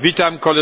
Witam kolegów.